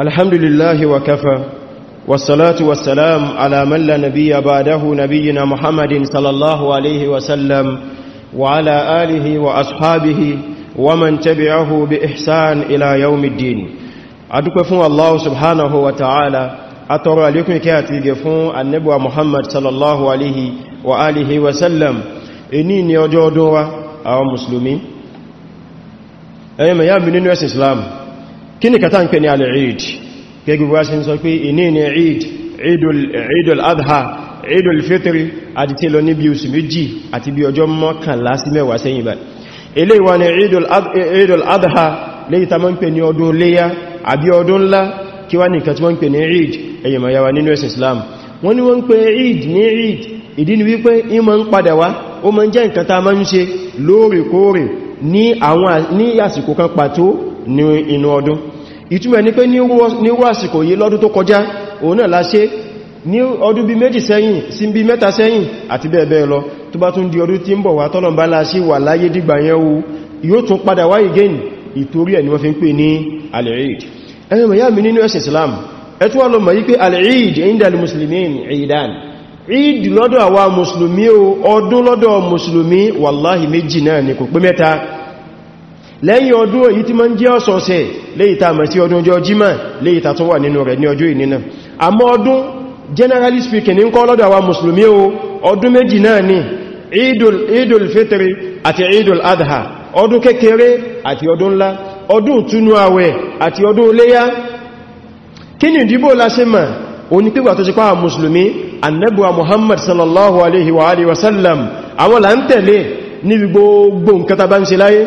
الحمد لله وكفى والصلاة والسلام على من لا نبي بعده نبينا محمد صلى الله عليه وسلم وعلى آله وأصحابه ومن تبعه بإحسان إلى يوم الدين أدوك فون الله سبحانه وتعالى أترى لكم كاتب فون النبوة محمد صلى الله عليه وآله وسلم إني نيجو دورة أو مسلمين أيما يا من نوع الإسلام kí ni kàtà ń pè ní al'id gẹ́gbẹ̀ wá sí sọ pé iní ni eid eidul adha eidul fitri àti tí lọ níbi oṣù méjì àti bí ọjọ́ mọ́kànlá sí mẹ́wàá sẹ́yìn bá ilé wa ni eidul adha léyìí ta mọ́ ń pè ní ọdún léyá àbí ọdún ńlá kí wá ní kàtà ń pè ní eid ẹ̀yẹ̀ nínú ẹ̀sìn islam wọ́n ní wọ́n ń pè ni wípé ìmọ̀ ń padà wá ó mọ́ ń jẹ́ nǹkan ta mọ́ ń ṣe lóòrèkóòrè ní àwọn ní ní inú ọdún ìtumọ̀ ní pé ní wàsìkò yìí lọ́dún tó kọjá òun náà láṣe ní ọdún bí méjì sẹ́yìn sí bí mẹ́ta sẹ́yìn àti bẹ́ẹ̀ bẹ́ẹ̀ lọ tó bá tún di ọdún tí ń bọ̀ wá tọ́lọ̀ bá láṣe wà láyé dìgbà yẹn o ni wọ́n fi ń pè inda al-Muslimin Eidan Eid lọ́dọ̀ àwa Mùsùlùmí o ọdún lọ́dọ̀ Mùsùlùmí wàláhì méjì náà ni kò lẹ́yìn ọdún èyí tí ma ń jẹ́ ọ̀sọ̀ọ̀sẹ̀ léyìta mẹ́ sí ọdún ọjọ́ jímọ̀ léyìta tó wà nínú rẹ̀ ní ọjọ́ ìní àmọ́ ọdún generally speaking ní kọ́ lọ́dọ̀ àwa mùsùlùmí o ọdún méjì náà ni idul fitri àti idul adha ọdún kékeré àti ọdún ńlá ọdún túnú àwẹ̀ àti ọdún léyá kí ni ìdíbò láṣe mọ̀ òní pípà muhammad sallallahu alaihi wasallam àwọn là ń tẹ̀lé gbogbo nǹkan tàbá ń ṣe láyé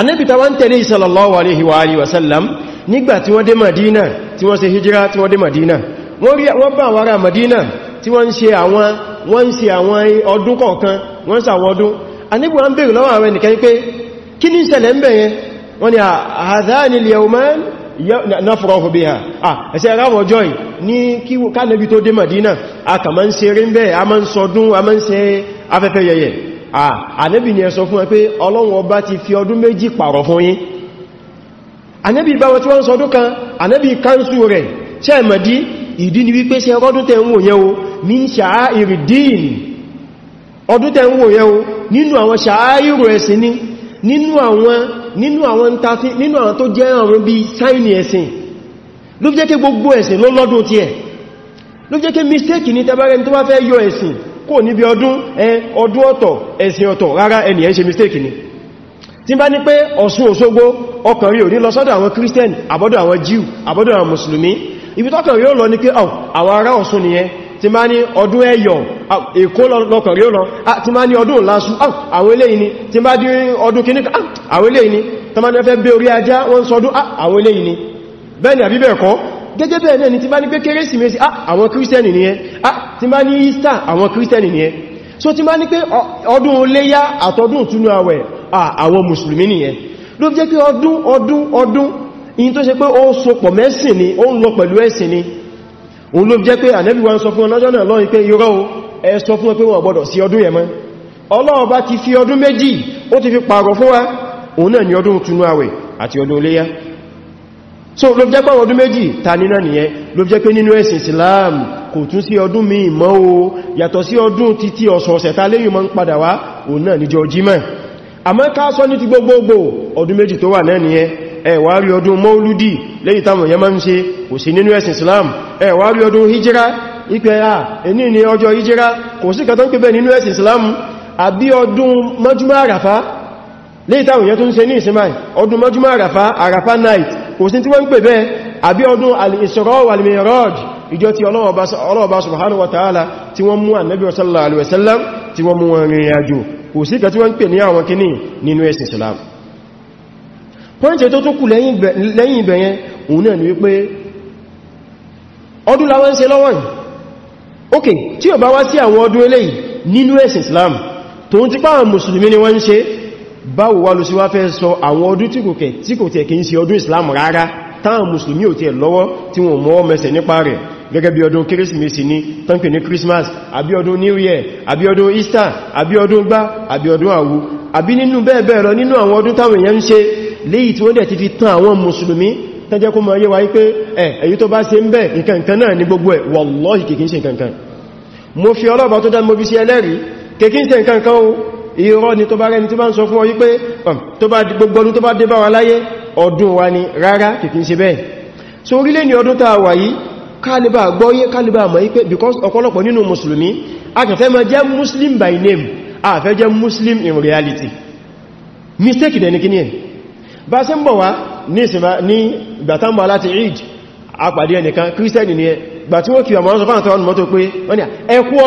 anábi ta wá ń tẹ̀lé sallallahu alaihi wasallam nígbà tí wọ́n dé madina tí wọ́n ṣe hijira tí wọ́n dé madina wọ́n bá àwọn ará madina tí wọ́n ń ṣe àwọn wọ́n ń ṣe àwọn ọdún kọ̀ọ̀kan wọ́n ṣe àwọn ọdún anábi wọ́n bèèrè ah ẹ̀sẹ̀ ráwọ̀ joy ní kí kánàbí tó dé madina a kà máa ń ṣe rí ànábì ni ẹ sọ fún ẹ pé ọlọ́run ọba ti fi ọdún méjì pààrọ̀ fún yín ànábì bá wọn tí wọ́n sọdún kan ànábì káńsù rẹ̀ ṣe ẹ̀mọ̀dí ìdí ni wípé ṣe ọdún tẹ́ ń wò yẹn o min ṣàáìrì díìn ọdún tẹ́ ń wò yẹn o nínú àwọn ṣàáìrò ẹ̀sìn ni nínú àwọn nínú àwọn tafi nínú àwọn tó jẹ́ àwọn bí sáìnì ẹ̀sìn ló jẹ́ kí gbogbo ẹ̀sìn lọ́lọ́dún ti ẹ̀ ló jẹ́ kí mistake ní tẹbárẹni tó bá fẹ́ yọ ẹ̀sìn kò níbi ọdún ọdún ọ̀tọ̀ ẹ̀sìn ọ̀tọ̀ rárá ẹni ẹ̀ ṣe mistake ni tí bá ní pé Ọ̀ṣun Òṣogbo ọkàn rí ò ní lọ sọ́dọ̀ àwọn Christian àbọ́dọ̀ àwọn Jew àbọ́dọ̀ àwọn Mùsùlùmí ibi tọ́kàn rí ó lọ ní pé àwọn ará Ọ̀ṣun nìyẹn tí ma ní ọdún ẹ̀yọ̀ èkó lọ́kàn rí ó lọ tí ma ní ọdún lásù àwọn eléyìí ni tí ma dí ọdún kìíní àwọn eléyìí ni gẹ́gẹ́ bẹ́ẹ̀ náà ni ti bá ní pé kérésìmesì ah, àwọn kírísítẹ́nì ni ẹ ah, ti bá ní easter àwọn kírísítẹ́nì ni ẹ so ti bá ní pé ọdún oléyá àtọdún túnú àwẹ̀ ah, àwọn mùsùlùmí ni ẹ ló jẹ́ pé ọdún ọdún ọdún in tó ṣe pé ó sopọ̀ mẹ́sìn ni ó ń lọ pẹ̀lú ẹ̀sìn ni òun ló jẹ́ pé ànẹ́bí wa ń sọ fún fi ọdún méjì ó ti fi pààrọ̀ fún wa òun náà ni so ló jẹ́ pé ọdún méjì ta nínà nìyẹn ló jẹ́ pé nínú ẹ̀sìn Islam kò tún sí ọdún míì mọ́ o yàtọ̀ sí ọdún títí ọ̀sọ̀ọ̀sẹ̀ ta léyìn mọ́ ń padà wá òun náà níjọ́ Jímọ̀ àmọ́ ká sọ ní ti gbogbogbò ọdún méjì tó wà náà nìyẹn ẹ̀wà Islam ẹ̀wà rí ọdún hijira ipẹ́ à ni ọjọ́ hijira kò sí kàtọ́ ń pẹ́ nínú Islam àbí ọdún mọ́júmọ́ àràfá lẹ́yìn táwọn yẹn tó ń ṣe ní ìsinmi ọdún mọ́júmọ́ night kò sí tí wọ́n ń pè bẹ́ẹ̀ àbí ọdún al-Isra wal-Mi'raj ìjọ tí ọlọ́ọ̀bá subhanahu wa ta'ala tí wọ́n mú annabi sallallahu alaihi wasallam tí wọ́n mú wọn rìnrìn àjò kò sí kà tí wọ́n ń pè ní àwọn Islam pọ́ìntì tó tó kù lẹ́yìn ìbẹ̀yẹn òun náà ni wípé ọdún láwọn ń ṣe ok tí ó bá wá sí àwọn Islam tó ń ti pàwọn mùsùlùmí báwo wá ló sí wá fẹ́ sọ àwọn ọdún tí kò kẹ̀ tí kò tẹ̀ kì í ṣe ọdún Islam rárá táwọn mùsùlùmí ò tẹ̀ lọ́wọ́ tí wọ́n mọ́ mẹsẹ̀ nípa rẹ̀ gẹ́gẹ́ bí ọdún kérésìmesì ní tọ́nkẹ̀ ní Christmas àbí ọdún New Year àbí ọdún Easter àbí ọdún gbá àbí ọdún àwú àbí nínú bẹ́ẹ̀ bẹ́ẹ̀ lọ nínú àwọn ọdún táwọn èèyàn ń ṣe léyìí tí wọ́n dẹ̀ ti fi tán àwọn mùsùlùmí tẹ́jẹ́ kó mọ̀ yé wa wípé ẹ̀ èyí tó bá ṣe irọ́ ni tó bá rẹni tí bá ń sọ fún ọ wípé gbogbo ọdún tó bá dé bá wa láyé ọdún wa ni rárá kìkín ṣe bẹ́ẹ̀ so orílẹ̀ ni ọdún tàà wà yìí kálíbà gbọ́yé kálíbà mọ̀ wípé because ọ̀pọ̀lọpọ̀ nínú mùsùlùmí a kàn muslim by name a fẹ́ muslim in reality mistake dẹ̀ ní kí ní ẹ̀ bá sí ń bọ̀ wá ní ìgbàtàmbà láti eid àpàdé ni ẹ gbà tí wọ́n kí ọmọ ọ̀sọ̀fà àtàwọn mọ́tò pé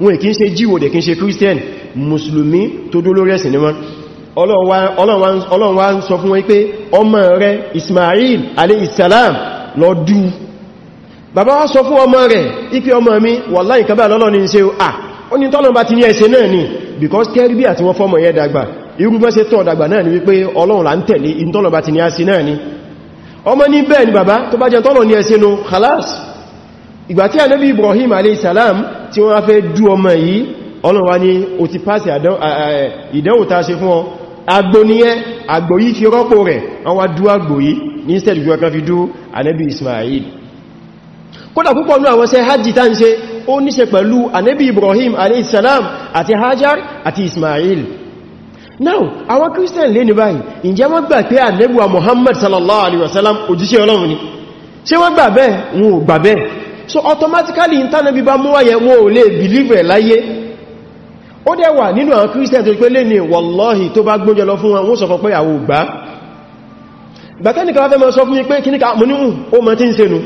wọn kìí ṣe jíwò dẹ̀ kìí ṣe christian musulmi tó dó lórí ẹ̀sìn ni wọn ọlọ́run wá ń sọ fún wọn pé ọmọ rẹ̀ ismail aleyhisselam lọ dú bàbá wá sọ fún ọmọ rẹ̀ ipé ọmọ mi wàláhì ìkàbà lọ́lọ́ ní ṣe à ó ní tọ́lọ́ bá because kẹ́rìbí àti wọ́n fọ́mọ̀ yẹ dàgbà irúgbọ́n ṣe tọ́ dàgbà náà ni wípé ọlọ́run là ń tẹ̀lé ìtọ́lọ̀ bá ti ní ẹ̀ṣẹ̀ náà ni ọmọ ní ni bàbá khalas ìgbà tí ànábì Ibrahim aleyhisalam tí wọ́n fẹ́ dú ọmọ yìí ọlọ́wà ní o ti pàṣẹ e, ìdánwò ta ṣe fún ọ àgbò níyẹn àgbò yìí fi rọ́pò rẹ̀ wọ́n wá dú àgbò yìí ní instead fi ọkàn fi Ismail kódà púpọ̀ ní àwọn ṣe hajji tá ń ṣe ó níṣe pẹ̀lú Hajar àti Ismail now àwọn Christian lè ní báyìí ǹjẹ́ wọ́n gbà pé ànábì wa Muhammad sallallahu alaihi wasallam òjíṣẹ́ Ọlọ́run ni ṣé wọ́n gbà bẹ́ẹ̀ wọn gbà bẹ́ẹ̀ so automatically ìntánẹ́bí bá múwà yẹ wọn ò lè believe ẹ̀ láyé ó dẹ̀ wà nínú àwọn christian tó pé lè ní wallahi tó bá gbójọ lọ fún wọn wọ́n sọ fún pé àwò gbá gbàtẹ́nìkà wáfẹ́ mọ́ sọ fún mi pé kíníkà mọ́ ní ó mọ́ tí ń ṣẹnu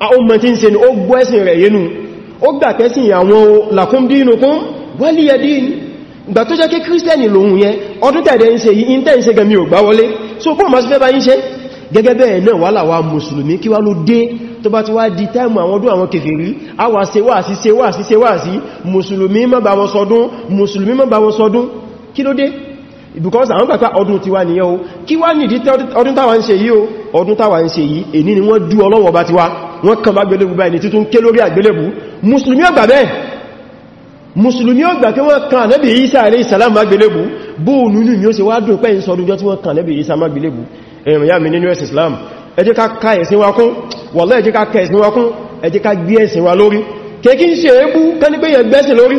ó mọ́ tí ń ṣẹnu ó gbọ́ ẹ̀sìn rẹ̀ yẹnu ó gbà pẹ́sìn àwọn lakum dinukum waliyadin gbà tó jẹ́ kí kírísítẹ́nì lòun yẹn ọdún tẹ̀dẹ̀ ń ṣe yìí ń tẹ́ ń ṣe gẹ̀mí ò gbá wọlé so fún ọmọ sí fẹ́ bá yí ṣe gẹ́gẹ́ bẹ́ẹ̀ náà wà láwà mùsùlùmí kí wá ló dé tó bá ti wá di táìmù àwọn ọdún àwọn kèfèrí a wà ṣe wá sí ṣe wá sí ṣe wá sí mùsùlùmí má bá wọn ṣọdún mùsùlùmí má bá wọn ṣọdún kí ló dé because àwọn gbàgbà ọdún tiwa nìyẹn o kí wá nìdí ọdún táwa ń ṣe yìí o ọdún táwa ń ṣe yìí èní ni wọ́n dú ọlọ́wọ̀ bá tiwa wọ́n kàn bá gbélébù báyìí ní títún ké lórí àgbélébù mùsùlùmí ọgbà bẹ́ẹ̀ mùsùlùmí ọgbà kí wọ́n kàn Ànábì Ìsá alayhi salam má gbélébù bóòlù ní yóò ṣe wá Islam ẹ jẹ́ ká ká ẹ̀sìn wa kún wàlláhì ẹ jẹ́ ká ká ẹ̀sìn wa kún ẹ jẹ́ ká gbé ẹ̀sìn wa lórí kèkí ń ṣe èébú kẹ́ni pé gbẹ́sìn lórí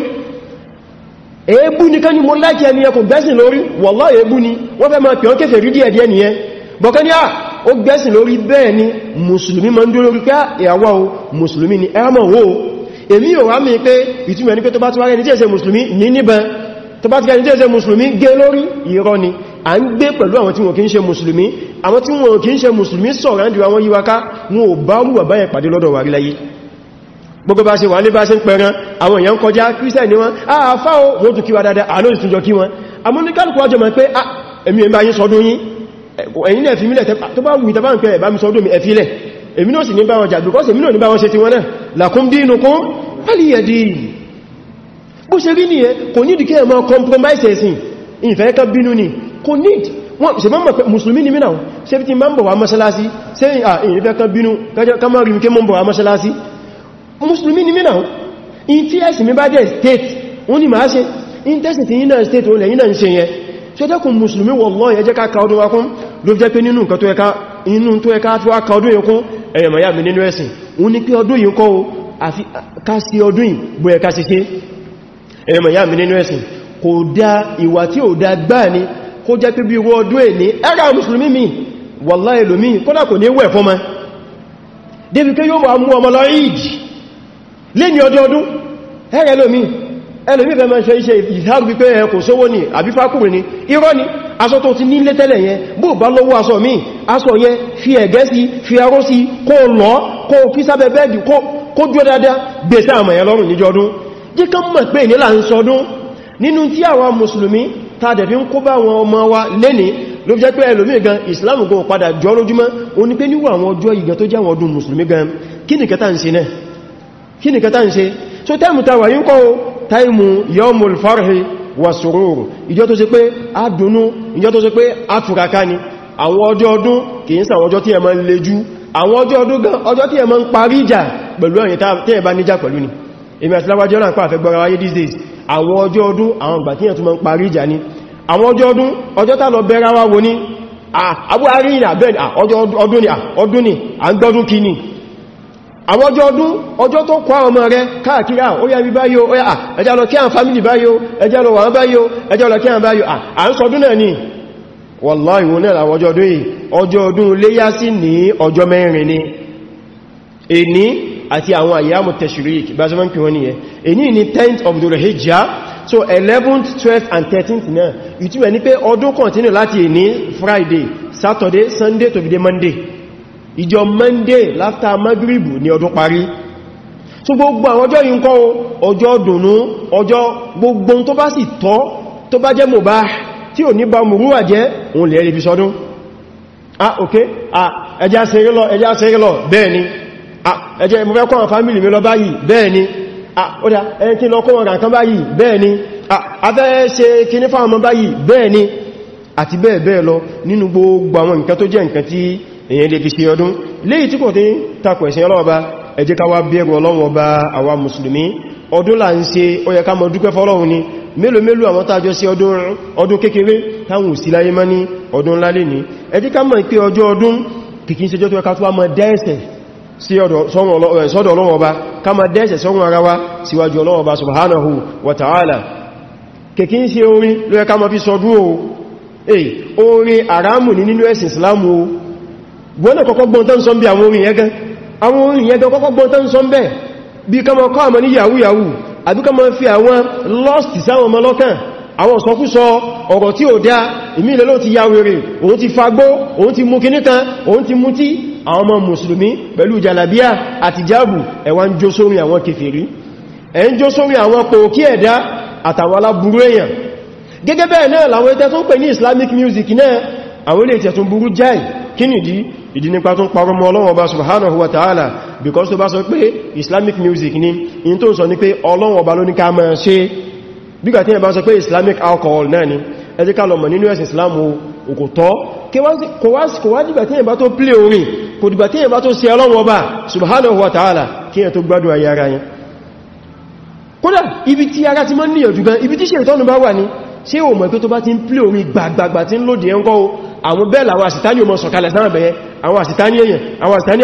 èébú ni kẹ́ni mo láìkí ẹni ẹkùn gbẹ́sìn lórí wàlláhì èébú ni wọ́n fẹ́ máa pẹ̀ọ́ kẹfẹ̀ rí díẹ̀díẹ̀ nìyẹn bọ̀kẹ́ni à ah, ó gbẹ́sìn lórí bẹ́ẹ̀ ni mùsùlùmí ma ń dúró lórí pé ìyàwó ah, mùsùlùmí ni ẹ̀mọ̀ wo èmi ò rámi pé ìtumẹ̀ ní pé tó bá ti wáyé ní tí èsẹ mùsùlùmí ní níbẹ̀ tó bá ti wáyé ní tí èsẹ mùsùlùmí gé lórí irọ́ ni à ń gbé pẹ̀lú àwọn tí wọ́n kí ń ṣe mùsùlùmí àwọn tí wọn kìí ṣe mùsùlùmí sọ̀rọ̀ àndìwà wọn yíwa ká wọn ò bá rú bàbá yẹn lọ́dọ̀ wà rí láyé gbogbo bá ṣe wà ní bá ṣe ń pẹran àwọn èèyàn kọjá kírísẹ̀ ní wọ́n ah, wa dáadáa àánú ìtúnjọ kí wọn àmọ́ ní kálùkù àjọ mọ̀ pé ah, èmi ẹ̀mbá yí sọdún yí ẹ̀yìn náà fi mílẹ̀ tó bá wùí tàbá ń pẹ̀rẹ̀ bá mi sọdún mi ẹ̀fílẹ̀ èmi náà sì ní bá wọn jà because èmi náà ní bá wọn ṣe ti wọn náà lakum dinukum waliya din bó ṣe rí nìyẹn kò ìfẹ́ kan bínú ni kò need wọ́n ṣe mọ́ musulmi ni mí náà ṣe fi ti mọ́ wà mọ́ṣálásí ṣe ìrìnfẹ́ kan bínú kamar rí ni mí náà in tí ẹ̀sìn state wọ́n ni máa ṣe in state olè yínà ń ṣe yẹn ṣe tẹ́kùn musulmi wallahi ẹ jẹ́ ká ka ọdún wa kún ló jẹ́ pé nínú nǹkan tó ẹka inú tó ẹka tó aka ọdún yìí kún ẹ̀yẹ̀ mọ̀yá mi nínú ẹ̀sìn òun ni pé ọdún yìí kọ́ o àfi ká kó jẹ́ pé bí owó ọdún èní ẹ́rà mùsùlùmí mi wọ́lá èlòmí kódà kò ní wẹ̀ fọ́mọ́ débi pé yóò mú ọmọ lọ ìjì lé ní ọdọọdún ẹ́rẹ̀ èlòmí èlòmí fẹ́ máa ṣe iṣẹ́ ìdáàrù wípé ẹ kò sówó ní àbí fákùnrin ní irọ́ ni aṣọ tó ti nílé tẹ́lẹ̀ yẹn bó bá lọ́wọ́ aṣọ mi aṣọ yẹn fi ẹ̀gẹ́ sí fi aró sí kó lọ tàdẹ̀ fi ń kó bá wọn ọmọ wa lẹ́ni ló fi jẹ́ pé ẹlòmí gan islam gan padà jọ lójúmọ́ o ní pé níwọ̀ àwọn ọjọ́ ìgbà tó jẹ́ àwọn ọdún musulmi gan so tẹ́mù ta wà yí ń farhi wa sururu ìjọ tó ṣe pé a dùnú ìjọ tó ṣe pé a tùraká ni àwọn ọjọ́ ọdún kì í sàwọn ọjọ́ tí ẹ ma ń lejú àwọn pẹ̀lú ẹ̀yìn tí ẹ níjà pẹ̀lú ni èmì àti láwájọ́ náà pàfẹ́ gbọ́ra wáyé these days àwọn ọjọ́ ọdún àwọn ìgbà tí yẹn tún máa ń parí ìjà ní àwọn ọjọ́ ọdún ọjọ́ tá lọ bẹ́ra wá wo ní àbúhárí ìrìn àbẹ́ ọjọ́ ọdún ni ọdún ni à ń gbọ́dún kí ni àwọn ọjọ́ ọdún ọjọ́ tó kọ́ ọmọ rẹ káàkiri àwọn orí ẹbí ni wàláhì wọn náà àwọn ọjọ́ ọdún yìí ọjọ́ ọdún léyá sí ní ọjọ́ mẹ́rin ni èní àti àwọn àyàmù tashriq bá ṣe mọ́n pè wọ́n nìyẹn ni 10th of Dhul Hijjah so 11th 12th and 13th náà ìtumọ̀ ní pé ọdún continue láti èní Friday Saturday Sunday to fi dé Monday ìjọ Monday láfta Maghrib ni ọdún parí so gbogbo àwọn ọjọ́ yìí ń kọ́ ọjọ́ dùnú ọjọ́ gbogbo tó bá sì tọ́ tó bá jẹ́ mubah tí ò ní bá mùrúwà jẹ́ òun lè rí fi sọdún ah ok ah ẹjá sẹ́rí lọ ẹjá sẹ́rí bẹ́ẹ̀ ni Ah, ẹjẹ́ mo fẹ́ kọ́ àwọn fámílì mi lọ báyìí bẹ́ẹ̀ ni ọdá ah, ẹni kí lọ kọ́ wọn kàn báyìí bẹ́ẹ̀ ni abẹ́ ah, ṣe kíní fáwọn ọmọ báyìí bẹ́ẹ̀ ni àti bẹ́ẹ̀ bẹ́ẹ̀ lọ nínú gbogbo àwọn nǹkan tó jẹ́ nǹkan tí èyàn lè fi ṣe ọdún léyìí tí kò tí takò ẹ̀sìn ọlọ́ọ̀ba ẹ jẹ́ ká wá bẹ̀rù ọlọ́run ọba àwa mùsùlùmí ọdún là ń ṣe ó yẹ ká mọ dúpẹ́ fọ́lọ́run ni mélòó mélòó àwọn tàjọ sí ọdún kékeré táwọn òsì láyé mọ́ ní ọdún ńlá lè ní ẹ jẹ́ ká mọ̀ pé ọjọ́ ọdún kìkí ń ṣe tó ẹka tó wá mọ̀ dẹ́ẹ̀sẹ̀ sí ọ̀dọ̀ Ọlọ́run Ọba ká má dẹ́ṣẹ̀ ara síwájú Ọba subhanahu wa kèkí ń orin ló ká fi sọdún o eh orin àrámù ní nínú ẹ̀sìn Islam o gbọ́nà na gbọ́n tán sọ bí àwọn orin yẹn gan àwọn orin yẹn gan kọ́kọ́ gbọ́n tán sọ bẹ́ẹ̀ bí ká yahoo yahoo ọ̀rọ̀ tí dá ìmìlẹ̀ ló ti òun àwọn ọmọ mùsùlùmí pẹ̀lú jàlàbíà àti jáàbù ẹ̀wà ń jó sórí àwọn kèfèrí ẹ̀ ń jó sórí àwọn pòókí ẹ̀dá àtàwọn aláburú èèyàn gẹ́gẹ́ bẹ́ẹ̀ náà làwọn ẹ̀tẹ́ tó ń ní islamic music náà àwọn ilé ìtẹ̀ tó burú jáì kí nìdí ìdí nípa because tó bá sọ pé islamic music ni in tó ń sọ ní pé ọlọ́wọ́ bá islamic alcohol náà ni ẹjíká lọ mọ̀ nínú ẹ̀sìn islam òkòtọ́ kò wá dìgbà tí tó plé orin kò dìgbà tí èyàn bá tó ṣe ọlọ́run ọba subhanahu wa ta'ala kí èyàn tó gbádùn ayé ara yẹn kódà ibi tí ara ti mọ́ níyànjú gan ibi tí ṣe ìtọ́nù bá wà ní ṣe o mọ̀ pé tó bá ti ń plé orí gbàgbàgbà tí ń lòdì ẹnkọ́ o àwọn bẹ́ẹ̀lì àwọn àṣìtáni ọmọ sọ̀kalẹ̀ sáà bẹ̀yẹ àwọn àṣìtáni èyàn àwọn àṣìtáni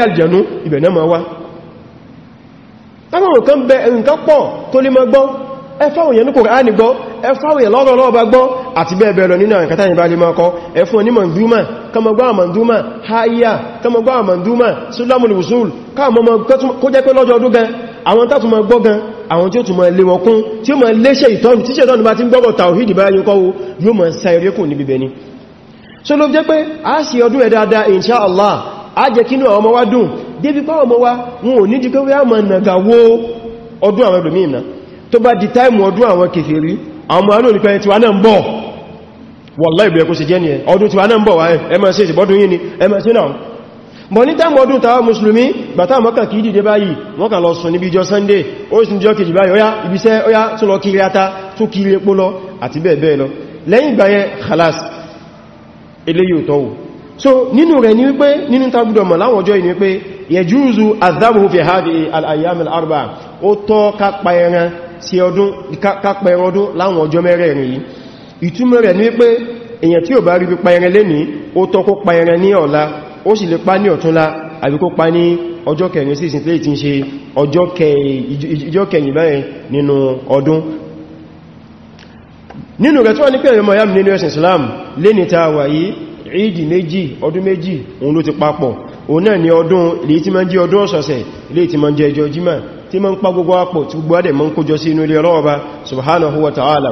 ma bẹ́ẹ̀ kama gba manduma haya kama gba manduma sulamul wusul ka mo mo kó jẹ́ ọdụ lọ́jọ́ ọdún gan àwọn tá tún máa awọn gan àwọn tí ó tún le lé wọn kún ti ń gbọ́gbọ̀ tàwíìdì bá yín kọ́wó yóò máa sa so a insha Allah a jẹ́ kínú àwọn ọmọ wa dùn débi pa ọmọ wa wọn di wallahi bí ẹkú sí jẹ́ ní ẹ ọdún tí wà náà ń bọ̀ wá ẹ máa ṣe ìbọ́dún yìí ni ẹ máa náà bọ̀ ní tàbí ọdún tàwà musulmi bàtà mọ́kà kìí dìde báyìí wọ́n kà ni wípé nínú tàbídọ̀ mọ̀ láwọn ọjọ́ ìní wípé yẹjúùzù azabuhu fi hadi al-ayyam al-arba ó tọ́ kápa yìí ìtumọ̀ rẹ̀ ní pé èyàn tí ò bá rí bí pa ẹran lẹ́ni ó tọ́ kó pa ẹran ní ọ̀la ó sì lè pa ní ọ̀túnla àbí kó pa ní ọjọ́ kẹrin sí ìsìnlẹ̀ tí ń ṣe ọjọ́ kẹyìn báyìí nínú ọdún nínú rẹ̀ tó wà ní pé ẹ̀rọ yam nínú ẹ̀sìn Islam lẹ́ni ta wà yìí ìdì méjì ọdún méjì òun ló ti papọ̀ òun náà ni ọdún ilé tí ma ń subhanahu wa ta'ala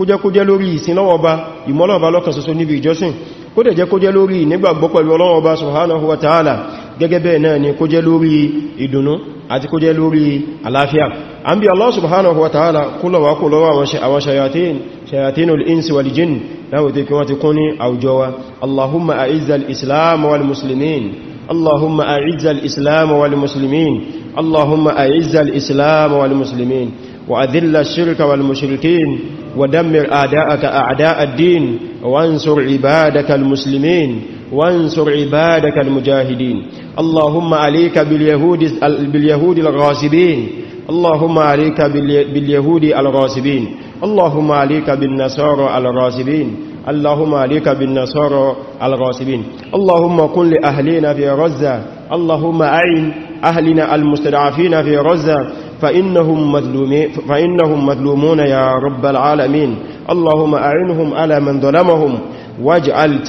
kó jẹ́ kó jẹ́ lórí ìsìn lọ́wọ́ ọba ìmọ́lọ̀ ọba lọ́kan ṣoṣo níbi ìjọsìn kó dẹ̀ jẹ́ kó jẹ́ lórí ìnígbàgbọ́ pẹ̀lú Ọlọ́run ọba subhanahu wa ta'ala gẹ́gẹ́ bẹ́ẹ̀ náà ni kó jẹ́ lórí ìdùnnú àti kó jẹ́ lórí اللهم أعز الإسلام والمسلمين اللهم أعز الإسلام والمسلمين وأذل الشرك والمشركين ودمر أعداءك أعداء الدين وانصر عبادك المسلمين وانصر عبادك المجاهدين اللهم عليك باليهود, باليهود الغاصبين اللهم عليك باليهود الغاصبين اللهم عليك بالنصارى الغاصبين اللهم عليك بالنصارى الغاصبين اللهم كن لأهلنا في غزة اللهم أعن أهلنا المستضعفين في غزة فإنهم, فإنهم مظلومون يا رب العالمين اللهم أعنهم على من ظلمهم واجعل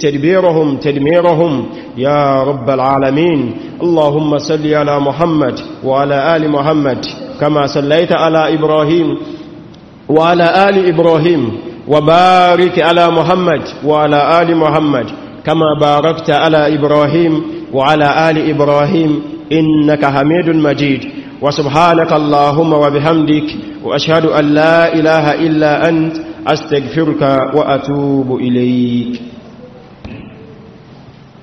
تدبيرهم تدميرهم يا رب العالمين اللهم صل على محمد وعلى آل محمد كما صليت على إبراهيم وعلى آل إبراهيم وبارك على محمد وعلى آل محمد كما باركت على إبراهيم وعلى آل إبراهيم إنك حميد مجيد وسبحانك اللهم وبحمدك وأشهد أن لا إله إلا أنت أستغفرك وأتوب إليك